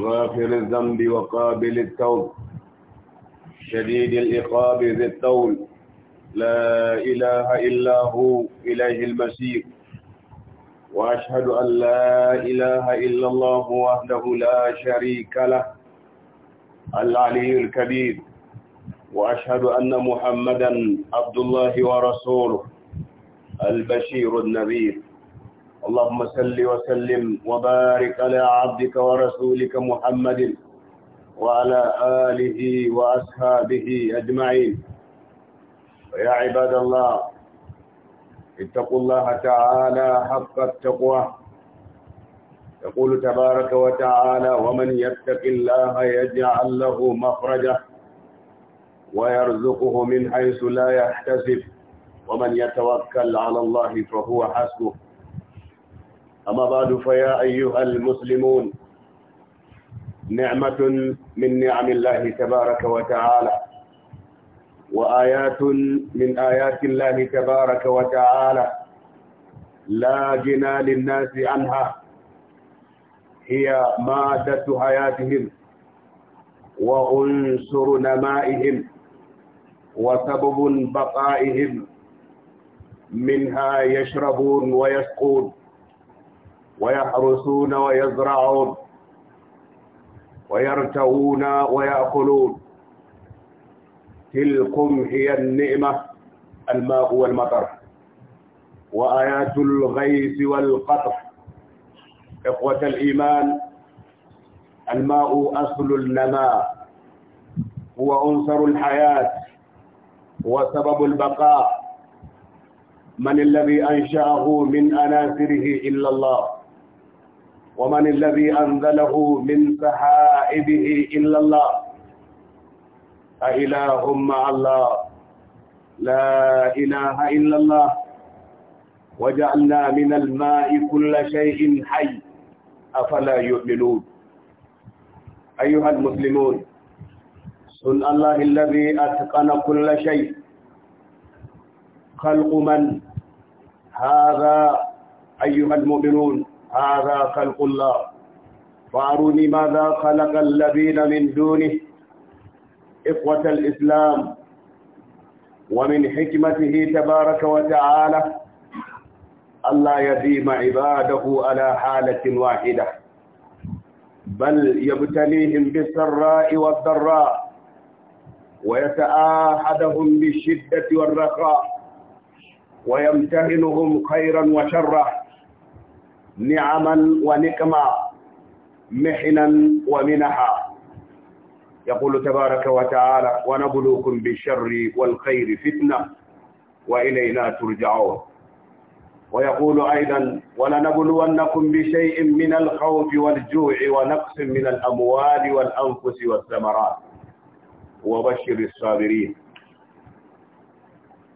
غافر الذنب وقابل التوب شديد الإقاب ذي الطول لا إله إلا هو إليه المسيح وأشهد أن لا إله إلا الله وحده لا شريك له العلي الكبير وأشهد أن محمدا عبد الله ورسوله البشير النذير اللهم صل وسلم وبارك على عبدك ورسولك محمد وعلى آله وأصحابه أجمعين ويا عباد الله اتقوا الله تعالى حق التقوى يقول تبارك وتعالى ومن يتق الله يجعل له مخرجا ويرزقه من حيث لا يحتسب ومن يتوكل على الله فهو حسبه أما بعد فيا أيها المسلمون نعمة من نعم الله تبارك وتعالى وآيات من آيات الله تبارك وتعالى لا جنى للناس عنها هي مادة حياتهم وعنصر نمائهم وسبب بقائهم منها يشربون ويسقون ويحرسون ويزرعون ويرتوون ويأكلون تلكم هي النعمة الماء والمطر وآيات الغيث والقطر إخوة الإيمان الماء أصل النماء هو أنصر الحياة هو سبب البقاء من الذي أنشأه من أناثره إلا الله ومن الذي أنزله من سحائبه إلا الله أإله مع الله لا إله إلا الله وجعلنا من الماء كل شيء حي أفلا يؤمنون أيها المسلمون سن الله الذي أتقن كل شيء خلق من هذا أيها المؤمنون هذا خلق الله فأروني ماذا خلق الذين من دونه إخوة الإسلام ومن حكمته تبارك وتعالى ألا يديم عباده على حالة واحدة بل يبتليهم بالسراء والضراء ويتآحدهم بالشدة والرخاء ويمتهنهم خيرا وشرا نعما ونكما محنا ومنحا يقول تبارك وتعالى ونبلوكم بالشر والخير فتنة وإلينا ترجعون ويقول أيضا ولنبلونكم بشيء من الخوف والجوع ونقص من الأموال والأنفس والثمرات وبشر الصابرين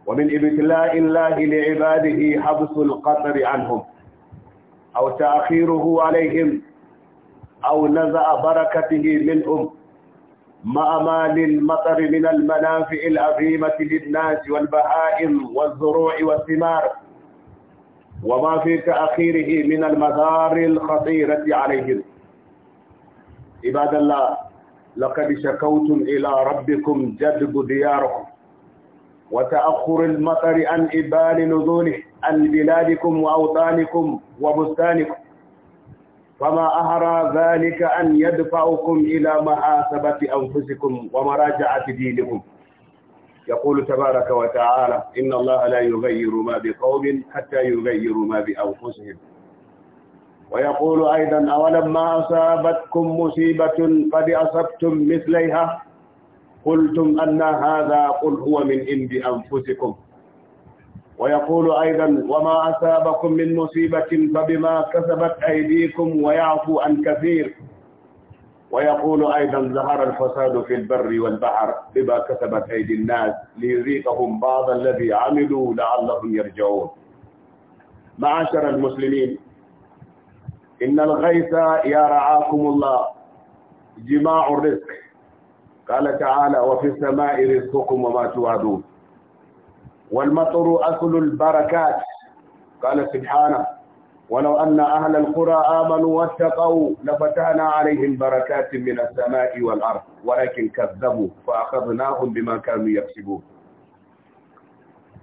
ومن ابتلاء الله لعباده حبس القطر عنهم أو تأخيره عليهم أو نزع بركته منهم مع ما للمطر من المنافع العظيمة للناس والبهائم والزروع والثمار وما في تأخيره من المضار الخطيرة عليهم عباد الله لقد شكوتم إلى ربكم جذب دياركم وتأخر المطر عن إبال نزوله عن بلادكم وأوطانكم وبستانكم فما أهرى ذلك أن يدفعكم إلى محاسبة أنفسكم ومراجعة دينكم يقول تبارك وتعالى إن الله لا يغير ما بقوم حتى يغيروا ما بأنفسهم ويقول أيضا أولما أصابتكم مصيبة قد أصبتم مثليها قلتم أن هذا قل هو من عند أنفسكم ويقول أيضا وما أصابكم من مصيبة فبما كسبت أيديكم ويعفو عن كثير ويقول أيضا ظهر الفساد في البر والبحر بما كسبت أيدي الناس ليذيقهم بعض الذي عملوا لعلهم يرجعون معاشر المسلمين إن الغيث يا رعاكم الله جماع الرزق قال تعالى وفي السماء رزقكم وما توعدون والمطر أكل البركات قال سبحانه ولو أن أهل القرى آمنوا واتقوا لفتحنا عليهم بركات من السماء والأرض ولكن كذبوا فأخذناهم بما كانوا يكسبون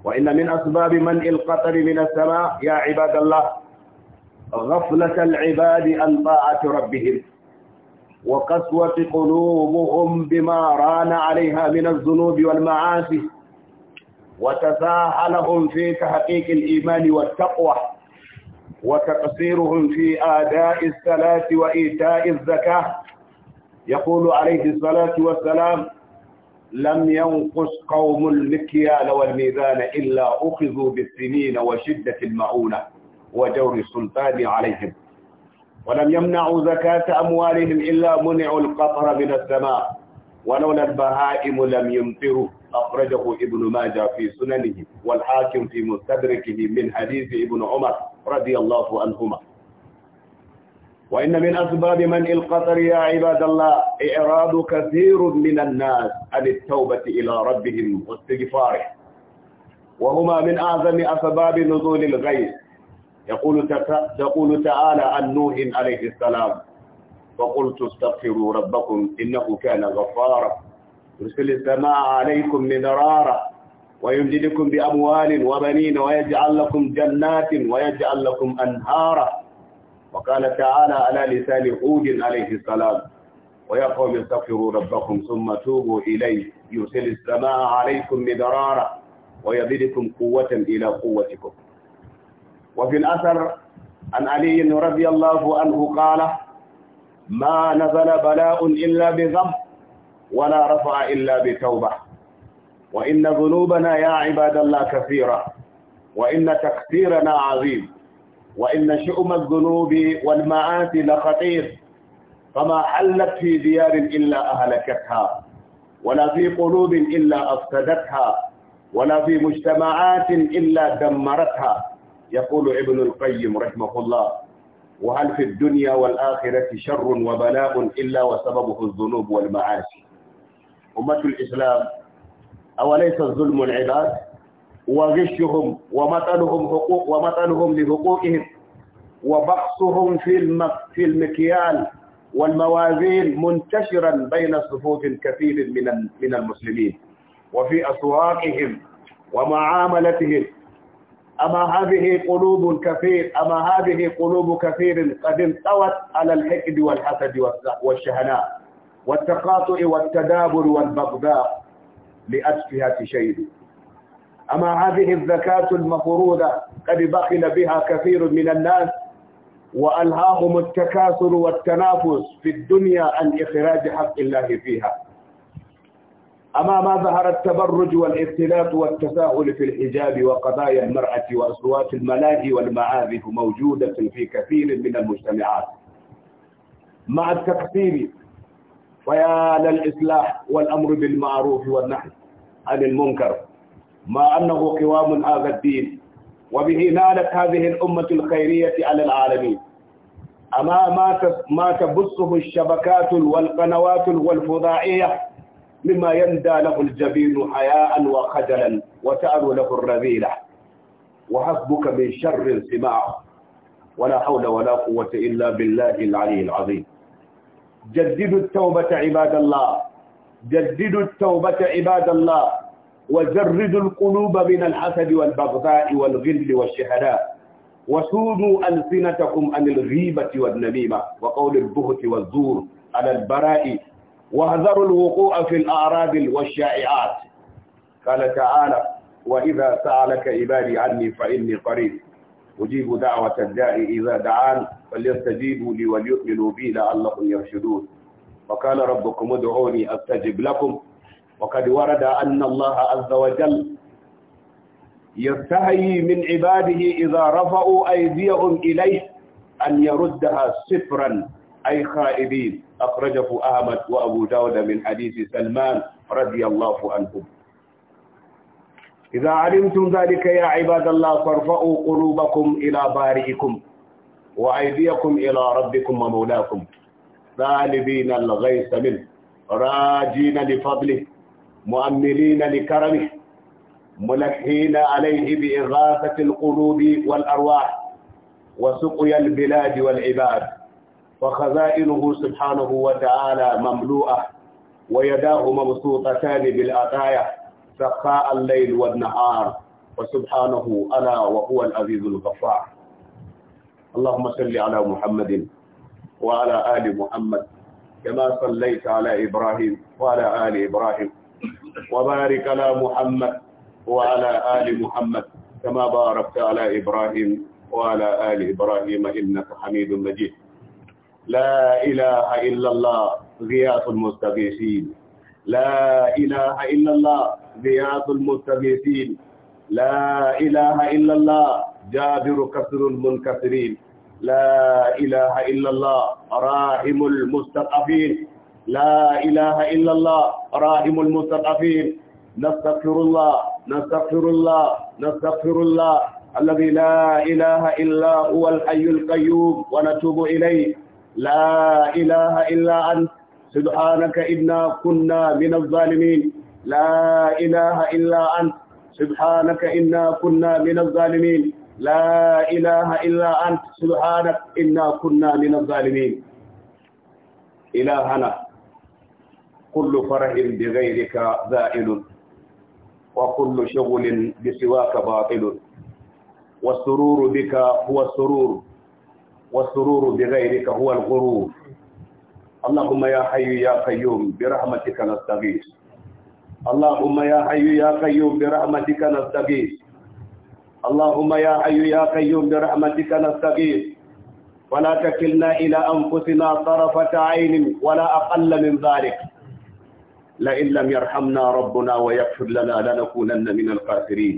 وإن من أسباب منع القطر من السماء يا عباد الله غفلة العباد عن طاعة ربهم وقسوة قلوبهم بما ران عليها من الذنوب والمعاصي وتساهلهم في تحقيق الإيمان والتقوى وتقصيرهم في آداء الصلاة وإيتاء الزكاة يقول عليه الصلاة والسلام لم ينقص قوم المكيال والميزان إلا أخذوا بالسنين وشدة المعونة وجور السلطان عليهم ولم يمنعوا زكاة أموالهم إلا منعوا القطر من السماء ولولا البهائم لم يمطروا أخرجه ابن ماجه في سننه والحاكم في مستدركه من حديث ابن عمر رضي الله عنهما وإن من أسباب منع القطر يا عباد الله إعراض كثير من الناس عن التوبة إلى ربهم واستغفاره وهما من أعظم أسباب نزول الغيث يقول تقول تعالى عن نوح عليه السلام فقلت استغفروا ربكم إنه كان غفارا يرسل السماء عليكم مدرارا ويمددكم بأموال وبنين ويجعل لكم جنات ويجعل لكم أنهارا وقال تعالى على لسان هود عليه السلام ويا قوم استغفروا ربكم ثم توبوا إليه يرسل السماء عليكم مدرارا ويزدكم قوة إلى قوتكم وفي الأثر عن علي رضي الله عنه قال ما نزل بلاء إلا بذنب ولا رفع إلا بتوبة وإن ذنوبنا يا عباد الله كثيرة وإن تكثيرنا عظيم وإن شؤم الذنوب والمعاصي لخطير فما حلت في ديار إلا أهلكتها ولا في قلوب إلا أفسدتها ولا في مجتمعات إلا دمرتها يقول ابن القيم رحمه الله وهل في الدنيا والآخرة شر وبلاء إلا وسببه الذنوب والمعاصي أمة الإسلام أوليس الظلم العباد وغشهم ومثلهم حقوق ومثلهم لحقوقهم وبخصهم في المك في المكيال والموازين منتشرا بين صفوف كثير من من المسلمين وفي أسواقهم ومعاملتهم أما هذه قلوب كثير أما هذه قلوب كثير قد انطوت على الحقد والحسد والشهناء والتقاطع والتدابر والبغضاء لأسفها شيء أما هذه الزكاة المفروضة قد بخل بها كثير من الناس وألهاهم التكاثر والتنافس في الدنيا عن إخراج حق الله فيها أما ما ظهر التبرج والاختلاط والتساهل في الحجاب وقضايا المرأة وأصوات الملاهي والمعازف موجودة في كثير من المجتمعات مع التقصير فيا للإصلاح والأمر بالمعروف والنهي عن المنكر ما أنه قوام هذا الدين وبه نالت هذه الأمة الخيرية على العالمين أما ما تبصه الشبكات والقنوات والفضائية مما يندى له الجبين حياء وخجلا وتأل له الرذيلة وحسبك من شر سماع ولا حول ولا قوة إلا بالله العلي العظيم جددوا التوبة عباد الله جددوا التوبة عباد الله وجردوا القلوب من الحسد والبغضاء والغل والشهداء وسودوا ألسنتكم عن الغيبة والنميمة وقول البهت والزور على البراء واحذروا الوقوع في الاعراض والشائعات قال تعالى وإذا سألك عبادي عني فإني قريب أجيب دعوة الداع إذا دعان فليستجيبوا لي وليؤمنوا بي لعلهم يرشدون وقال ربكم ادعوني أستجب لكم وقد ورد أن الله عز وجل يستحي من عباده إذا رفعوا أيديهم إليه أن يردها سفرا أي خائبين أخرجه أحمد وأبو داود من حديث سلمان رضي الله عنهم إذا علمتم ذلك يا عباد الله فارفعوا قلوبكم إلى بارئكم وأيديكم إلى ربكم ومولاكم ثالبين الغيث منه راجين لفضله مؤملين لكرمه ملحين عليه بإغاثة القلوب والأرواح وسقيا البلاد والعباد وخزائنه سبحانه وتعالى مملوءة ويداه مبسوطتان بالأطايا سخاء الليل والنهار وسبحانه ألا وهو العزيز الغفار اللهم صل على محمد وعلى آل محمد كما صليت على إبراهيم وعلى آل إبراهيم وبارك على محمد وعلى آل محمد كما باركت على إبراهيم وعلى آل إبراهيم إنك حميد مجيد لا إله إلا الله غياث المستغيثين لا إله إلا الله غياث المستغيثين لا إله إلا الله جابر كسر المنكسرين لا إله إلا الله راحم المستضعفين لا إله إلا الله راحم المستضعفين نستغفر الله نستغفر الله نستغفر الله الذي لا إله إلا هو الحي القيوم ونتوب إليه لا إله إلا أنت سبحانك إنا كنا من الظالمين لا إله إلا أنت سبحانك إنا كنا من الظالمين لا إله إلا أنت سبحانك إنا كنا من الظالمين إلهنا كل فرح بغيرك زائل وكل شغل بسواك باطل والسرور بك هو السرور والسرور بغيرك هو الغرور اللهم يا حي يا قيوم برحمتك نستغيث اللهم يا حي يا قيوم برحمتك نستغيث اللهم يا حي يا قيوم برحمتك نستغيث ولا تكلنا إلى أنفسنا طرفة عين ولا أقل من ذلك لئن لم يرحمنا ربنا ويغفر لنا لنكونن من الخاسرين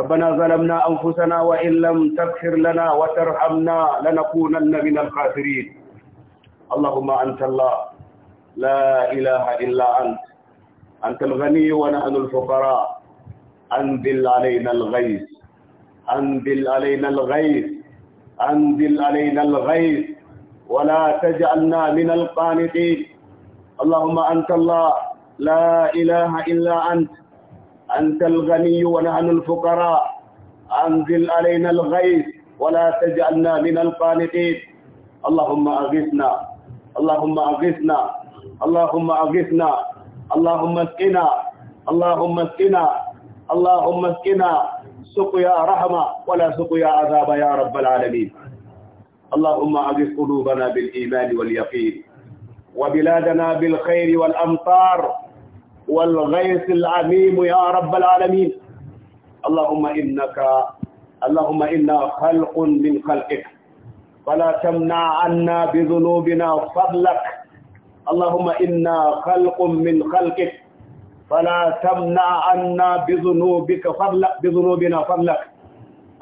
ربنا ظلمنا أنفسنا وإن لم تغفر لنا وترحمنا لنكونن من الخاسرين اللهم أنت الله لا إله إلا أنت أنت الغني ونحن الفقراء أنزل علينا الغيث أنزل علينا الغيث أنزل علينا الغيث ولا تجعلنا من القانطين اللهم أنت الله لا إله إلا أنت أنت الغني ونحن الفقراء أنزل علينا الغيث ولا تجعلنا من القانطين اللهم أغثنا اللهم أغثنا اللهم أغثنا اللهم اسقنا اللهم اسقنا اللهم اسقنا سقيا رحمة ولا سقيا عذاب يا رب العالمين اللهم أغث قلوبنا بالإيمان واليقين وبلادنا بالخير والأمطار والغيث العميم يا رب العالمين اللهم إنك اللهم إنا خلق من خلقك فلا تمنع عنا بذنوبنا فضلك اللهم إنا خلق من خلقك فلا تمنع عنا بذنوبك فضلك بذنوبنا فضلك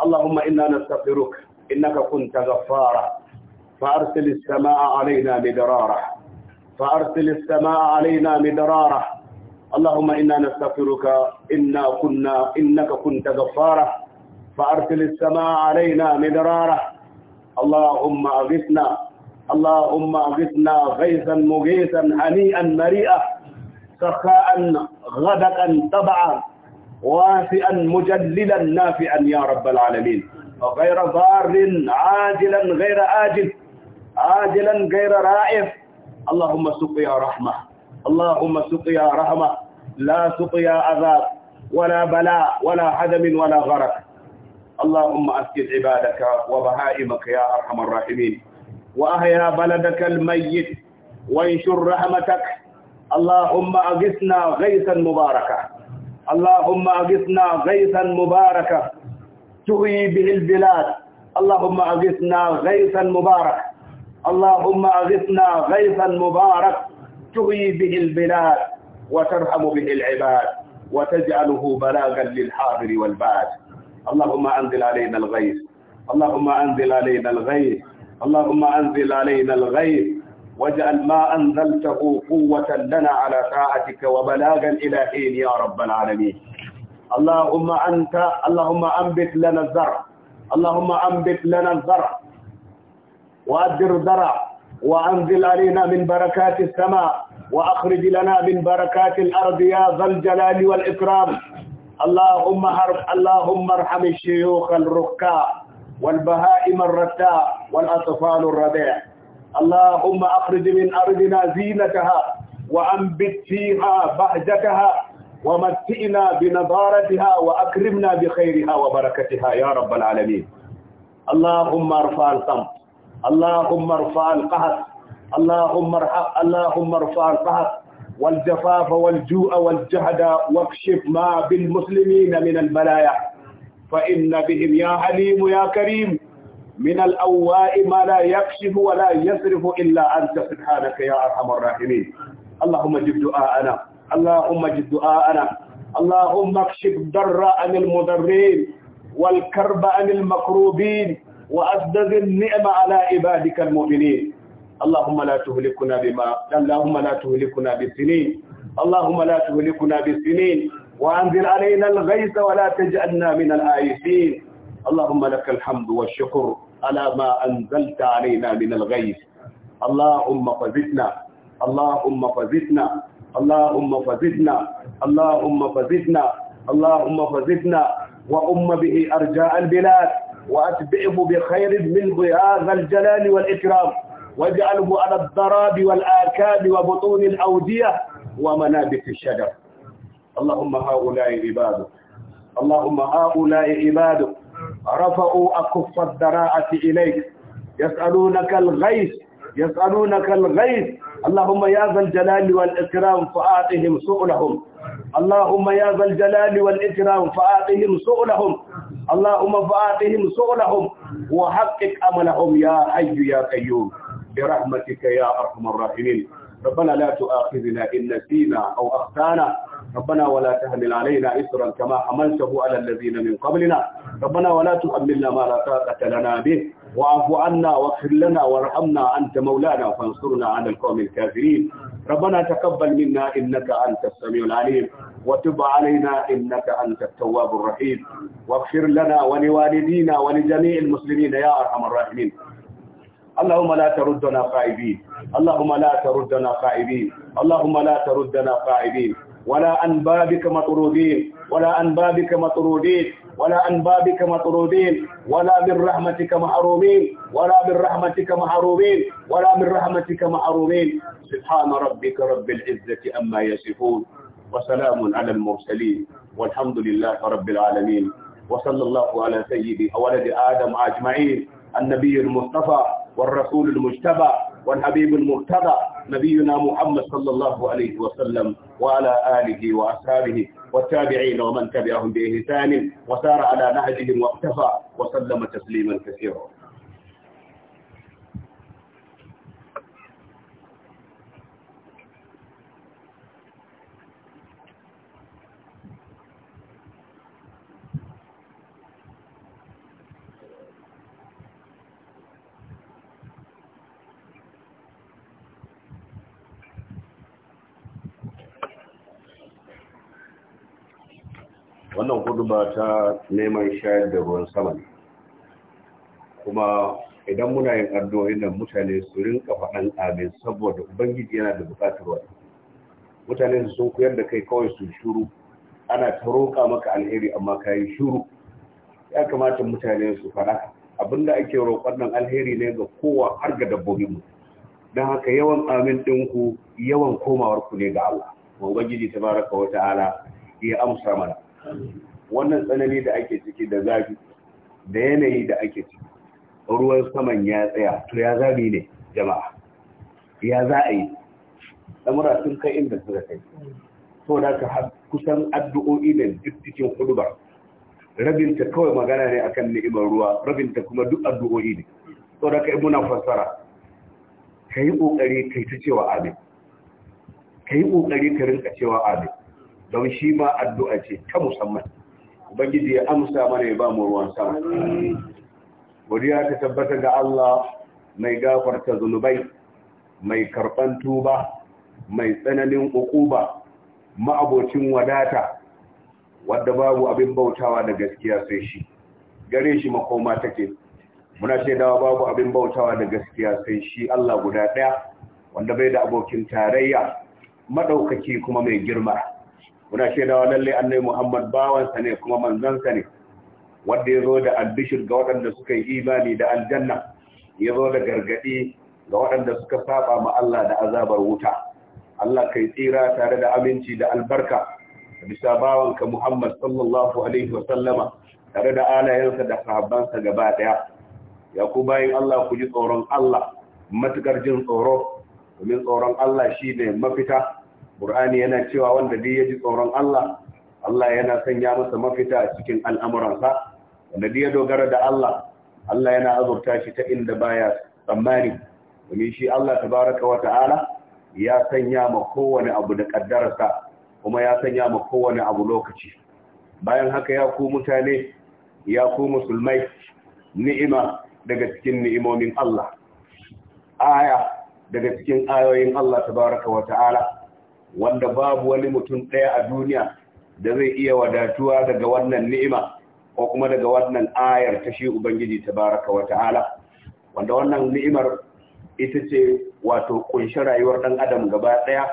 اللهم إنا نستغفرك إنك كنت غفارا فأرسل السماء علينا مدرارا فأرسل السماء علينا مدرارا اللهم إنا نستغفرك إنا كنا إنك كنت غفارا فأرسل السماء علينا مدرارا اللهم أغثنا اللهم أغثنا غيثا مغيثا هنيئا مريئا سخاء غدقا طبعا واسعا مجللا نافعا يا رب العالمين غير ضار عاجلا غير آجل عاجلا غير رائف اللهم سقيا رحمه اللهم سقيا رحمة لا سقيا عذاب ولا بلاء ولا عدم ولا غرق اللهم أسكت عبادك وبهائمك يا أرحم الراحمين وأهيا بلدك الميت وانشر رحمتك اللهم أغثنا غيثا مباركا اللهم أغثنا غيثا مباركا تغي به البلاد اللهم أغثنا غيثا مبارك اللهم أغثنا غيثا مبارك تغي به البلاد وترحم به العباد وتجعله بلاغا للحاضر والباد اللهم أنزل علينا الغيث اللهم أنزل علينا الغيث اللهم أنزل علينا الغيث واجعل ما أنزلته قوة لنا على طاعتك وبلاغا إلى حين يا رب العالمين اللهم أنت اللهم أنبت لنا الزرع اللهم أنبت لنا الزرع وأدر الزرع وأنزل علينا من بركات السماء وأخرج لنا من بركات الأرض يا ذا الجلال والإكرام اللهم, اللهم ارحم الشيوخ الركاء والبهائم الرتاء والأطفال الربيع اللهم أخرج من أرضنا زينتها وأنبت فيها بهجتها ومتئنا بنضارتها وأكرمنا بخيرها وبركتها يا رب العالمين اللهم ارفع الصمت اللهم ارفع القهر اللهم ارفع اللهم ارفع القهر والجفاف والجوع والجهد واكشف ما بالمسلمين من البلايا فإن بهم يا حليم يا كريم من الأواء ما لا يكشف ولا يصرف إلا أنت سبحانك يا أرحم الراحمين اللهم اجب دعاءنا اللهم اجب دعاءنا اللهم اكشف الضر عن المضرين والكرب عن المكروبين وأزدد النعم على عبادك المؤمنين اللهم لا تهلكنا بما اللهم لا تهلكنا بالسنين اللهم لا تهلكنا بالسنين وأنزل علينا الغيث ولا تجعلنا من الآيسين اللهم لك الحمد والشكر على ما أنزلت علينا من الغيث اللهم فزدنا اللهم فزدنا اللهم فزدنا اللهم فزدنا اللهم فزدنا وأم به أرجاء البلاد وأتبعه بخير منه هذا الجلال والإكرام واجعله على الضراب والآكاب وبطون الأودية ومنابت الشجر اللهم هؤلاء عبادك اللهم هؤلاء عبادك رفعوا أكف الذراعة إليك يسألونك الغيث يسألونك الغيث اللهم يا ذا الجلال والإكرام فآتهم سؤلهم اللهم يا ذا الجلال والإكرام فآتهم سؤلهم اللهم فآتهم سؤلهم وحقق أملهم يا حي يا قيوم برحمتك يا أرحم الراحمين ربنا لا تؤاخذنا إن نسينا أو أخطانا ربنا ولا تحمل علينا إسرا كما حملته على الذين من قبلنا ربنا ولا تحملنا ما لا طاقة لنا به واعف عنا واغفر لنا وارحمنا أنت مولانا فانصرنا على القوم الكافرين ربنا تقبل منا إنك أنت السميع العليم وتب علينا إنك أنت التواب الرحيم واغفر لنا ولوالدينا ولجميع المسلمين يا أرحم الراحمين اللهم لا تردنا خائبين اللهم لا تردنا خائبين اللهم لا تردنا خائبين ولا عن بابك مطرودين ولا عن بابك مطرودين ولا عن بابك مطرودين ولا من رحمتك محرومين ولا من رحمتك محرومين ولا من رحمتك محرومين سبحان ربك رب العزة أما يصفون وسلام على المرسلين والحمد لله رب العالمين وصلى الله على سيدي ولد آدم أجمعين النبي المصطفى والرسول المجتبى والحبيب المرتضى نبينا محمد صلى الله عليه وسلم وعلى آله وأصحابه والتابعين ومن تبعهم بإهسان وسار على نهجهم واقتفى وسلم تسليما كثيرا zuba ta neman shayar da ruwan sama ne kuma idan muna yin addu'o'in nan mutane su rinka faɗan amin saboda ubangiji yana da bukatar wani mutane su sun koyar da kai kawai su shuru ana ta roƙa maka alheri amma ka yi shuru ya kamata mutane su faɗa abinda ake roƙon nan alheri ne ga kowa har ga dabbobin mu don haka yawan amin ɗinku yawan komawar ku ne ga Allah ta tabaraka wa ta'ala ya amsa mana wannan tsanani da ake ciki da zafi da yanayi da ake ciki ruwan saman ya tsaya to ya zabi ne jama'a ya za a yi Tsamura sun kai inda suka kai so da ka kusan addu'o'i da duk cikin ba rabinta kawai magana ne akan ni'imar ruwa rabinta kuma duk addu'o'i ne so da ka yi muna fassara ka yi ƙoƙari kai ta cewa amin ka yi ƙoƙari ka rinka cewa amin don shi ma addu'a ce ta musamman ubangiji ya amsa mana ya ba mu ruwan sama godiya ta tabbata ga Allah mai gafarta zunubai mai karban tuba mai tsananin ukuba ma'abocin wadata wadda babu abin bautawa da gaskiya sai shi gare shi makoma take muna ce dawa babu abin bautawa da gaskiya sai shi Allah guda ɗaya, wanda bai da abokin tarayya maɗaukaki kuma mai girma muna shaidawa lalle annai Muhammad bawansa ne kuma manzansa ne wanda ya zo da albishir ga waɗanda suka yi imani da aljanna ya zo da gargaɗi ga waɗanda suka saba ma Allah da azabar wuta Allah kai tsira tare da aminci da albarka bisa bawanka Muhammad sallallahu alaihi wa sallama tare da alayensa da sahabbansa gaba daya ya ku bayin Allah ku ji tsoron Allah matukar jin tsoro domin tsoron Allah shine mafita Qur'ani yana cewa wanda dai ya ji tsoron Allah Allah yana sanya masa mafita a cikin al'amuransa wanda dai ya dogara da Allah Allah yana azurta shi ta inda baya tsammani domin shi Allah tabaraka wa ta'ala ya sanya ma kowane abu da kaddararsa kuma ya sanya ma kowane abu lokaci bayan haka ya ku mutane ya ku musulmai ni'ima daga cikin ni'imomin Allah aya daga cikin ayoyin Allah tabaraka wa ta'ala wanda babu wani mutum ɗaya a duniya da zai iya wadatuwa daga wannan ni'ima ko kuma daga wannan ayar ta shi ubangiji ta baraka wa ta'ala wanda wannan ni'imar ita ce wato kunshi rayuwar ɗan adam gaba ɗaya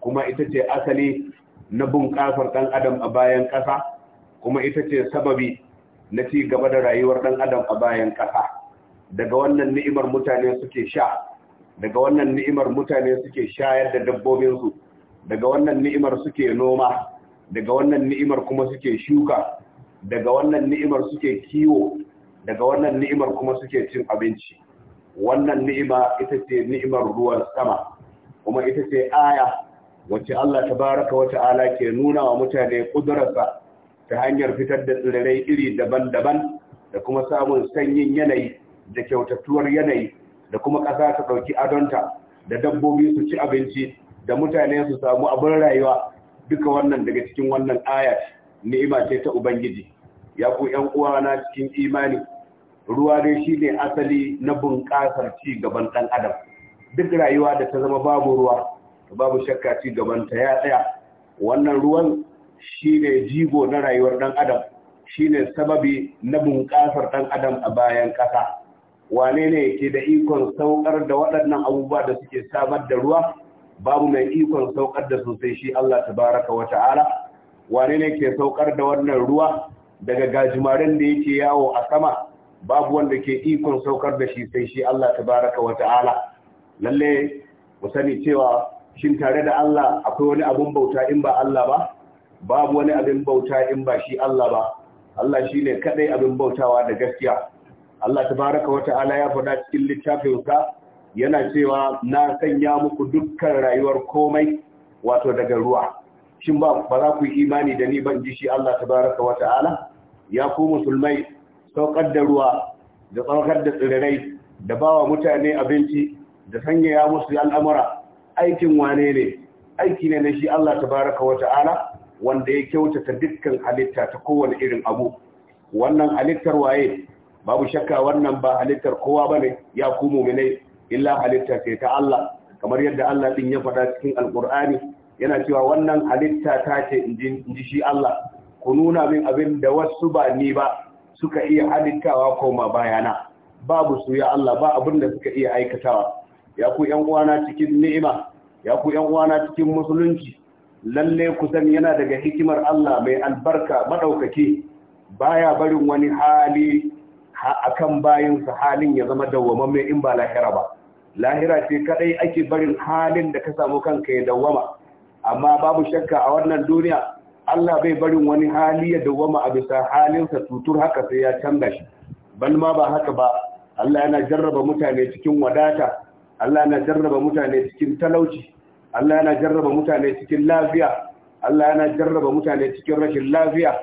kuma ita ce asali na bunƙasar ɗan adam a bayan ƙasa kuma ita ce sababi na ci gaba da rayuwar ɗan adam a bayan ƙasa daga wannan ni'imar mutane suke sha daga wannan ni'imar mutane suke shayar da dabbobinsu daga wannan ni'imar suke noma daga wannan ni'imar kuma suke shuka daga wannan ni'imar suke kiwo daga wannan ni'imar kuma suke cin abinci wannan ni'ima ita ce ni'imar ruwan sama kuma ita ce aya wacce Allah tabaraka wa ta'ala ke nuna wa mutane kudurarsa ta hanyar fitar da tsirrai iri daban-daban da kuma samun sanyin yanayi da kyautatuwar yanayi da kuma ƙasa ta ɗauki adonta da dabbobi su ci abinci da mutane su samu abin rayuwa duka wannan daga cikin wannan aya ni'ima ce ta ubangiji ya ku yan uwana cikin imani ruwa dai shine asali na bunƙasar ci gaban ɗan adam duk rayuwa da ta zama babu ruwa babu shakka ci gaban ta ya tsaya wannan ruwan shine jigo na rayuwar ɗan adam shine sababi na bunƙasar ɗan adam a bayan ƙasa wane ne ke da ikon saukar da waɗannan abubuwa da suke samar da ruwa babu mai ikon saukar da sosai shi Allah tabaraka wa ta'ala wane ne ke saukar da wannan ruwa daga gajimaren da yake yawo a sama babu wanda ke ikon saukar da shi sai shi Allah tabaraka wa ta'ala lalle mu sani cewa shin tare da Allah akwai wani abin bauta in ba Allah ba babu wani abin bauta in ba shi Allah ba Allah shine kadai abin bautawa da gaskiya Allah tabaraka wa ta'ala ya faɗa cikin littafinsa yana cewa na sanya muku dukkan rayuwar komai wato daga ruwa shin ba ba za ku yi imani da ni ban ji shi Allah tabaraka wa ta'ala ya ku musulmai saukar da ruwa da saukar da tsirrai da bawa mutane abinci da sanyaya musu al'amura aikin wane ne aiki ne na shi Allah tabaraka wa ta'ala wanda ya kyautata dukkan halitta ta kowane irin abu wannan halittar waye babu shakka wannan ba halittar kowa bane ya ku mu'minai illa halitta ce ta Allah kamar yadda Allah din ya faɗa cikin alkur'ani yana cewa wannan halitta ta ce in ji shi Allah ku nuna min abin da wasu ba ni ba suka iya halittawa koma bayana babu su ya Allah ba abin da suka iya aikatawa ya ku ƴan uwana cikin ni'ima ya ku ƴan uwana cikin musulunci lalle ku san yana daga hikimar Allah mai albarka madaukake baya barin wani hali akan bayinsa halin ya zama dawwamamme in ba lahira ba lahira ce kadai ake barin halin da ka samu kanka ya dawwama amma babu shakka a wannan duniya Allah bai barin wani hali ya dawwama a bisa halinsa tutur haka sai ya canza shi bal ma ba haka ba Allah yana jarraba mutane cikin wadata Allah yana jarraba mutane cikin talauci Allah yana jarraba mutane cikin lafiya Allah yana jarraba mutane cikin rashin lafiya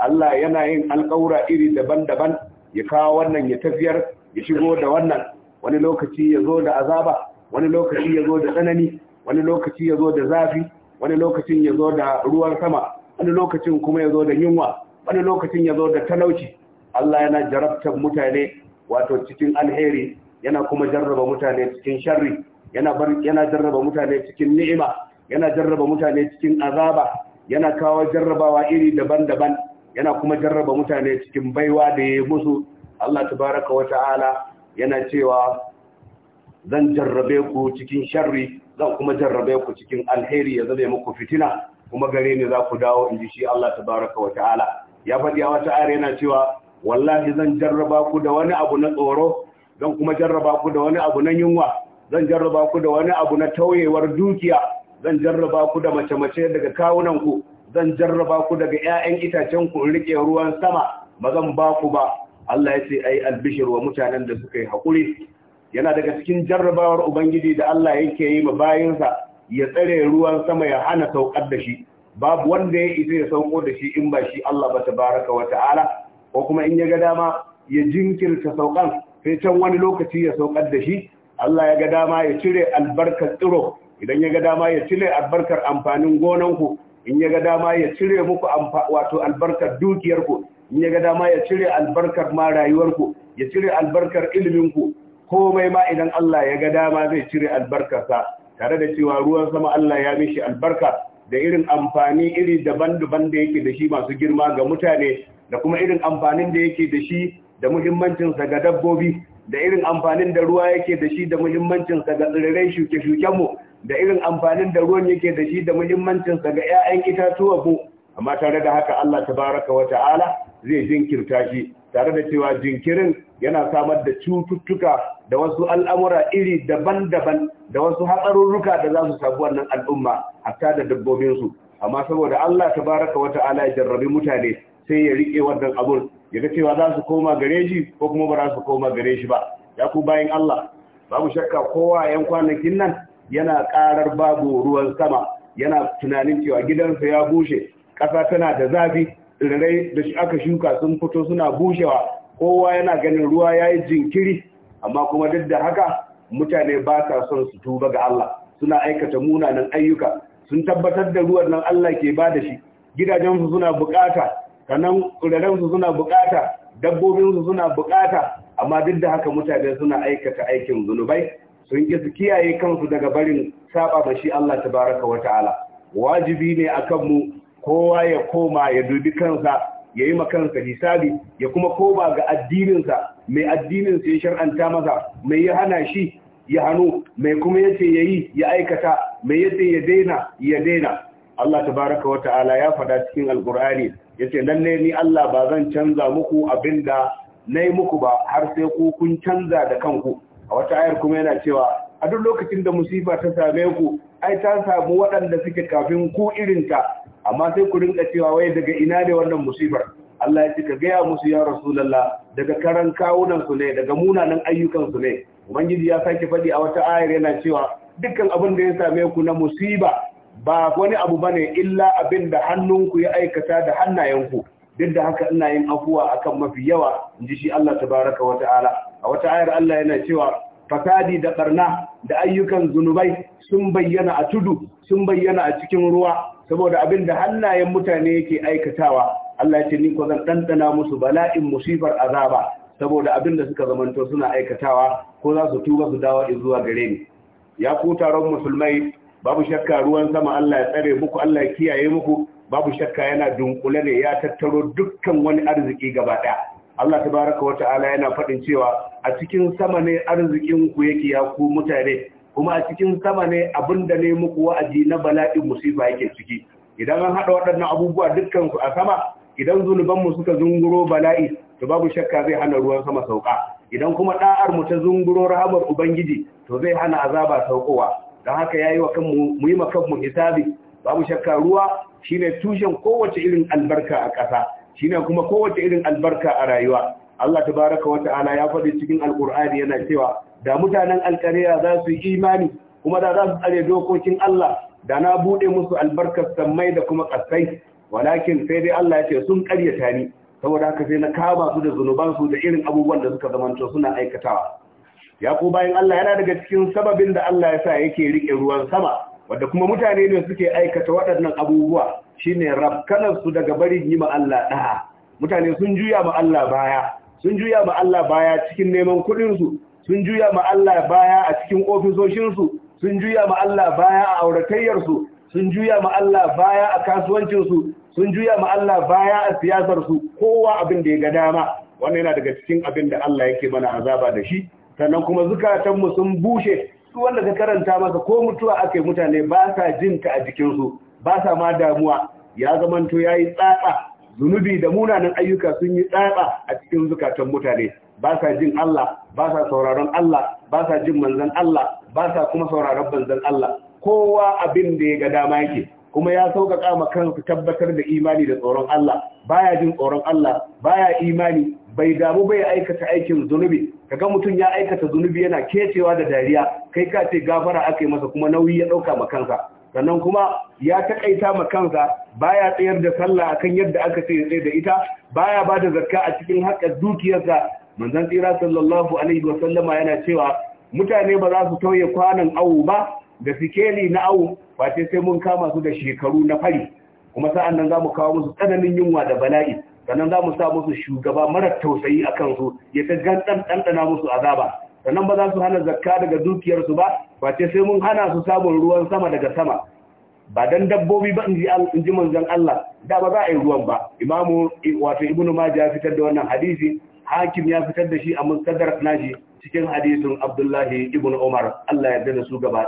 Allah yana yin alƙawura iri daban-daban ya kawo wannan ya tafiyar ya shigo da wannan wani lokaci ya zo da azaba wani lokaci ya zo da tsanani wani lokaci ya zo da zafi wani lokacin ya zo da ruwan sama wani lokacin kuma ya zo da yunwa wani lokacin ya zo da talauci Allah yana jarabtar mutane wato cikin alheri yana kuma jarraba mutane cikin sharri yana yana jarraba mutane cikin ni'ima yana jarraba mutane cikin azaba yana kawo jarrabawa iri daban-daban yana kuma jarraba mutane cikin baiwa da ya musu Allah tabaraka wa ta'ala yana cewa zan jarrabe ku cikin sharri zan kuma jarrabe ku cikin alheri ya zabe muku fitina kuma gare ni za ku dawo inji shi Allah tabaraka wa ta'ala ya faɗi a wata ayar yana cewa wallahi zan jarraba ku da wani abu na tsoro zan kuma jarraba ku da wani abu na yunwa zan jarraba ku da wani abu na tauyewar dukiya zan jarraba ku da mace-mace daga kawunan ku zan jarraba ku daga 'ya'yan itacen ku in rike ruwan sama ba zan ba ku ba Allah ya ce ai albishir wa mutanen da suka yi haƙuri yana daga cikin jarrabawar ubangiji da Allah yake yi ma bayinsa ya tsare ruwan sama ya hana saukar da shi babu wanda ya ita ya sauko da shi in ba shi Allah ba tabaraka wa ta'ala ko kuma in ya ga dama ya jinkirta saukan sai can wani lokaci ya saukar da shi Allah ya ga dama ya cire albarkar tsiro idan ya ga dama ya cire albarkar amfanin gonanku in ya ga dama ya cire muku wato albarkar dukiyarku in ya ga dama ya cire albarkar ma rayuwarku ya cire albarkar iliminku komai ma idan Allah ya ga dama zai cire albarkarsa tare da cewa ruwan sama Allah ya mishi albarka da irin amfani iri daban-daban da yake da shi masu girma ga mutane da kuma irin amfanin da yake da shi da muhimmancinsa ga dabbobi da irin amfanin da ruwa yake da shi da muhimmancinsa ga tsirrai shuke-shukenmu da irin amfanin da ruwan yake da shi da muhimmancinsa ga 'ya'yan itatuwa mu amma tare da haka Allah tabaraka wa ta'ala zai jinkirta shi tare da cewa jinkirin yana samar da cututtuka da wasu al'amura iri daban-daban da wasu hatsarurruka da za su sabu wannan al'umma hatta da dabbobinsu amma saboda Allah tabaraka wa ta'ala ya jarrabi mutane sai ya rike wannan abun ya ga cewa za su koma gare shi ko kuma ba za su koma gare shi ba ya ku bayan Allah babu shakka kowa yan kwanakin nan yana karar babu ruwan sama yana tunanin cewa gidansa ya bushe ƙasa tana da zafi tsirrai da aka shuka sun fito suna bushewa kowa yana ganin ruwa ya yi jinkiri amma kuma duk da haka mutane ba sa son su tuba ga Allah suna aikata munanan ayyuka sun tabbatar da ruwan nan Allah ke ba da shi gidajensu suna bukata kanan tsirransu suna bukata dabbobinsu suna bukata amma duk da haka mutane suna aikata aikin zunubai sun ki su kiyaye kansu daga barin saba ma shi Allah tabaraka wa ta'ala wajibi ne akan mu kowa ya koma ya dubi kansa ya yi makansa hisabi ya kuma koma ga addininsa mai addininsa ya shar'anta masa mai ya hana shi ya hannu mai kuma ya ce ya yi ya aikata mai ya ya daina ya daina Allah tabaraka wa ta'ala ya faɗa cikin alkur'ani ya ce lalle ni Allah ba zan canza muku abin da na yi muku ba har sai ku kun canza da kanku a wata ayar kuma yana cewa a duk lokacin da musifa ta same ku ai ta samu waɗanda suke kafin ku irinta amma sai ku rinka cewa wai daga ina ne wannan musibar Allah ya ce ka gaya musu ya Rasulullah daga karan kawunan su ne daga munanan ayyukan su ne ubangiji ya sake faɗi a wata ayar yana cewa dukkan abin da ya same ku na musiba ba wani abu bane illa abin da hannunku ya aikata da hannayenku duk da haka ina yin afuwa akan mafi yawa inji shi Allah tabaraka wa ta'ala a wata ayar Allah yana cewa fasadi da barna da ayyukan zunubai sun bayyana a tudu sun bayyana a cikin ruwa saboda abin da hannayen mutane yake aikatawa Allah ya ce ni ko zan dandana musu bala'in musibar azaba saboda abin da suka zamanto suna aikatawa ko za su tuba su dawo zuwa gare ni ya ku taron musulmai babu shakka ruwan sama Allah ya tsare muku Allah ya kiyaye muku babu shakka yana dunkule ne ya tattaro dukkan wani arziki gaba daya Allah tabaraka wata'ala yana faɗin cewa a cikin sama ne arzikin ku yake ya ku mutane kuma a cikin sama ne abin da ne muku wa'azi na bala'in musifa yake ciki idan an haɗa waɗannan abubuwa dukkan su a sama idan zunuban mu suka zunguro bala'i to babu shakka zai hana ruwan sama sauka idan kuma da'ar mu ta zunguro rahamar ubangiji to zai hana azaba saukowa don haka yayi wa kanmu mu yi kanmu hisabi babu shakka ruwa shine tushen kowace irin albarka a ƙasa shine kuma kowace irin albarka a rayuwa Allah tabaraka wa ta'ala ya faɗi cikin alkur'ani yana cewa da mutanen alƙariya za su yi imani kuma da za su tsare dokokin Allah da na buɗe musu albarkar sammai da kuma ƙasai walakin sai dai Allah ya ce sun ƙaryata ni saboda haka sai na kama su da zunubansu da irin abubuwan da suka zamanto suna aikatawa ya ku bayan Allah yana daga cikin sababin da Allah ya sa yake rike ruwan sama wanda kuma mutane ne suke aikata waɗannan abubuwa shine rafkanar su daga barin yi ma Allah da'a mutane sun juya ma Allah baya sun juya ma Allah baya cikin neman kuɗinsu sun juya ma Allah baya a cikin ofisoshinsu sun juya ma Allah baya a auratayyarsu sun juya ma Allah baya a kasuwancinsu sun juya ma Allah baya a siyasarsu kowa abin da ya ga dama wannan yana daga cikin abin da Allah yake mana azaba da shi sannan kuma zukatanmu sun bushe su wanda ka karanta masa ko mutuwa ake mutane ba sa jin ka a jikinsu ba sa ma damuwa ya zamanto ya yi tsatsa zunubi da munanan ayyuka sun yi tsaba a cikin zukatan mutane ba sa jin Allah ba sa sauraron Allah ba sa jin manzon Allah ba sa kuma sauraron manzon Allah kowa abin da ya ga dama yake kuma ya sauƙaƙa ma kansa tabbatar da imani da tsoron Allah baya jin tsoron Allah baya imani bai damu bai aikata aikin zunubi kaga mutum ya aikata zunubi yana kecewa da dariya kai ka ce gafara aka yi masa kuma nauyi ya ɗauka ma kansa sannan kuma ya takaita ma kansa baya tsayar da sallah akan yadda aka ce ya da ita baya ba da zakka a cikin haƙƙin dukiyarsa manzon tsira sallallahu alaihi wa sallama yana cewa mutane ba za su tauye kwanan awu ba da sikeli na awu ce sai mun kama su da shekaru na fari kuma sa'annan nan za mu kawo musu tsananin yunwa da bala'i sannan za mu sa musu shugaba mara tausayi a kansu ya ta ɗanɗana musu azaba sannan ba za su hana zakka daga dukiyarsu ba face sai mun hana su samun ruwan sama daga sama ba dan dabbobi ba in ji zan Allah da ba za a yi ruwan ba imamu wato ibnu maji ya fitar da wannan hadisi hakim ya fitar da shi a mustadrak nashi cikin hadisin abdullahi ibnu umar Allah ya yarda da su gaba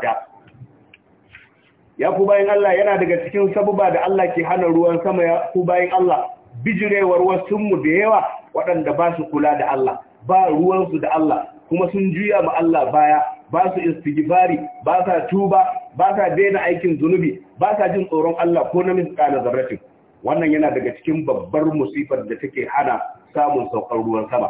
ya ku bayin Allah yana daga cikin sabuba da Allah ke hana ruwan sama ya ku bayin Allah bijirewar mu da yawa waɗanda ba su kula da Allah ba ruwansu da Allah kuma sun juya ma Allah baya ba su istighfari ba sa tuba ba sa daina aikin zunubi ba sa jin tsoron Allah ko na misqala zarratin wannan yana daga cikin babbar musifar da take hana samun saukar ruwan sama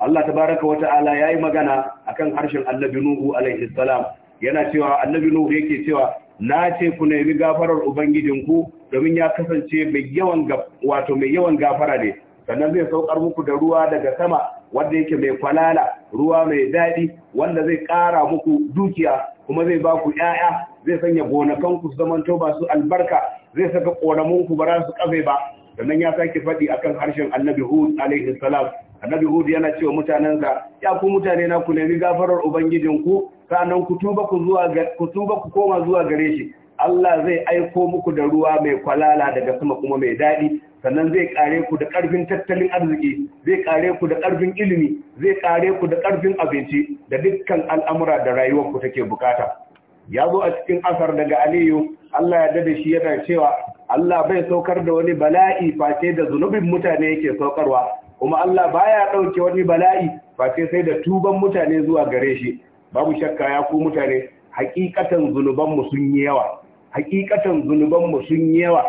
Allah tabaraka wa ta'ala yayi magana akan harshen Annabi Nuhu alaihi salam yana cewa Annabi Nuhu yake cewa na ce ku bi gafarar ubangijinku domin ya kasance mai yawan wato mai yawan gafara ne sannan zai saukar muku da ruwa daga sama wanda yake mai falala ruwa mai daɗi wanda zai ƙara muku dukiya kuma zai ba ku ƴaƴa zai sanya gonakanku su zamanto ba su albarka zai saka ƙoramunku ba su kafe ba sannan ya sake faɗi akan harshen annabi hud alaihi salam annabi hud yana cewa mutanensa ya ku mutane na ku nemi gafarar ubangijinku sannan ku tuba ku zuwa ku tuba ku koma zuwa gare shi Allah zai aiko muku da ruwa mai kwalala daga sama kuma mai daɗi sannan zai kare ku da ƙarfin tattalin arziki zai kare ku da ƙarfin ilimi zai kare ku da ƙarfin abinci da dukkan al'amura da rayuwarku take bukata ya zo a cikin asar daga aliyu Allah ya dada shi yana cewa Allah bai saukar da wani bala'i face da zunubin mutane yake saukarwa kuma Allah baya ɗauke wani bala'i face sai da tuban mutane zuwa gare shi babu shakka ya ku mutane hakikatan zunubanmu sun yi yawa hakikatan zunubanmu sun yi yawa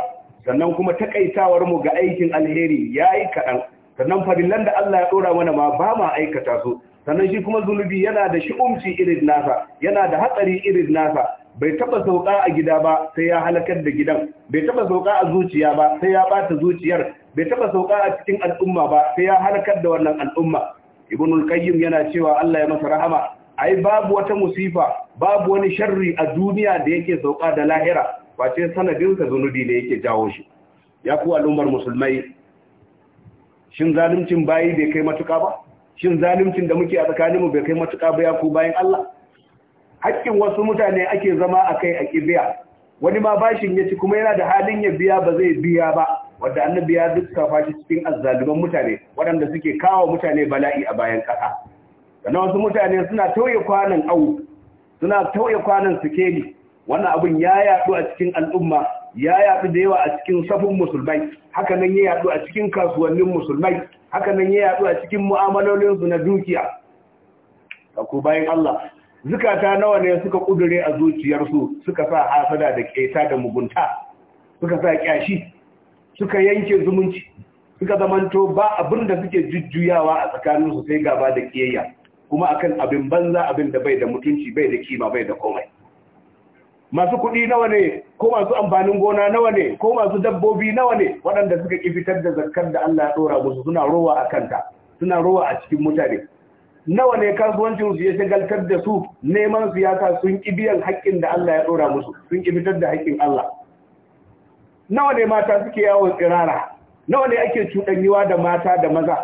sannan kuma takaitawar mu ga aikin alheri yayi kaɗan sannan fadilan da Allah ya ɗora mana ma ba ma aikata su sannan shi kuma zunubi yana da shi'umci irin nasa yana da hatsari irin nasa bai taba sauka a gida ba sai ya halakar da gidan bai taba sauka a zuciya ba sai ya bata zuciyar bai taɓa sauka a cikin al'umma ba sai ya halakar da wannan al'umma ibnul qayyim yana cewa Allah ya masa rahama ai babu wata musifa babu wani sharri a duniya da yake sauka da lahira face sanadinsa zunubi ne yake jawo shi ya ku al'ummar musulmai shin zalimcin bayi bai kai matuka ba shin zalimcin da muke a tsakaninmu bai kai matuka ba ya ku bayan Allah haƙƙin wasu mutane ake zama a kai a kibiya, wani ma bashin ya ci kuma yana da halin ya biya ba zai biya ba wadda annabi ya dukka fashi cikin azzaliman mutane waɗanda suke kawo mutane bala'i a bayan ƙasa kana wasu mutane suna tauye kwanan awu suna tauye kwanan sikeli wannan abin ya yadu a cikin al'umma ya yaɗu da yawa a cikin safin musulmai haka nan ya yadu a cikin kasuwannin musulmai haka nan ya yadu a cikin mu'amalolinsu na dukiya ku bayan Allah zukata nawa ne suka kudure a zuciyarsu suka sa hasada da ƙeta da mugunta suka sa ƙyashi, suka yanke zumunci suka zamanto ba abin da suke jujjuyawa a tsakaninsu sai gaba da ƙiyayya? kuma akan abin banza abin da bai da mutunci bai da kima bai da komai masu kuɗi nawa ne ko masu amfanin gona nawa ne ko masu dabbobi nawa ne waɗanda suka kifitar fitar da zakkar da Allah ya ɗora musu suna rowa a kanta suna rowa a cikin mutane nawa ne kasuwancin su ya shagaltar da su neman siyasa sun ƙi biyan haƙƙin da Allah ya ɗora musu sun ƙi da haƙƙin Allah nawa ne mata suke yawon tsirara nawa ne ake cuɗanyewa da mata da maza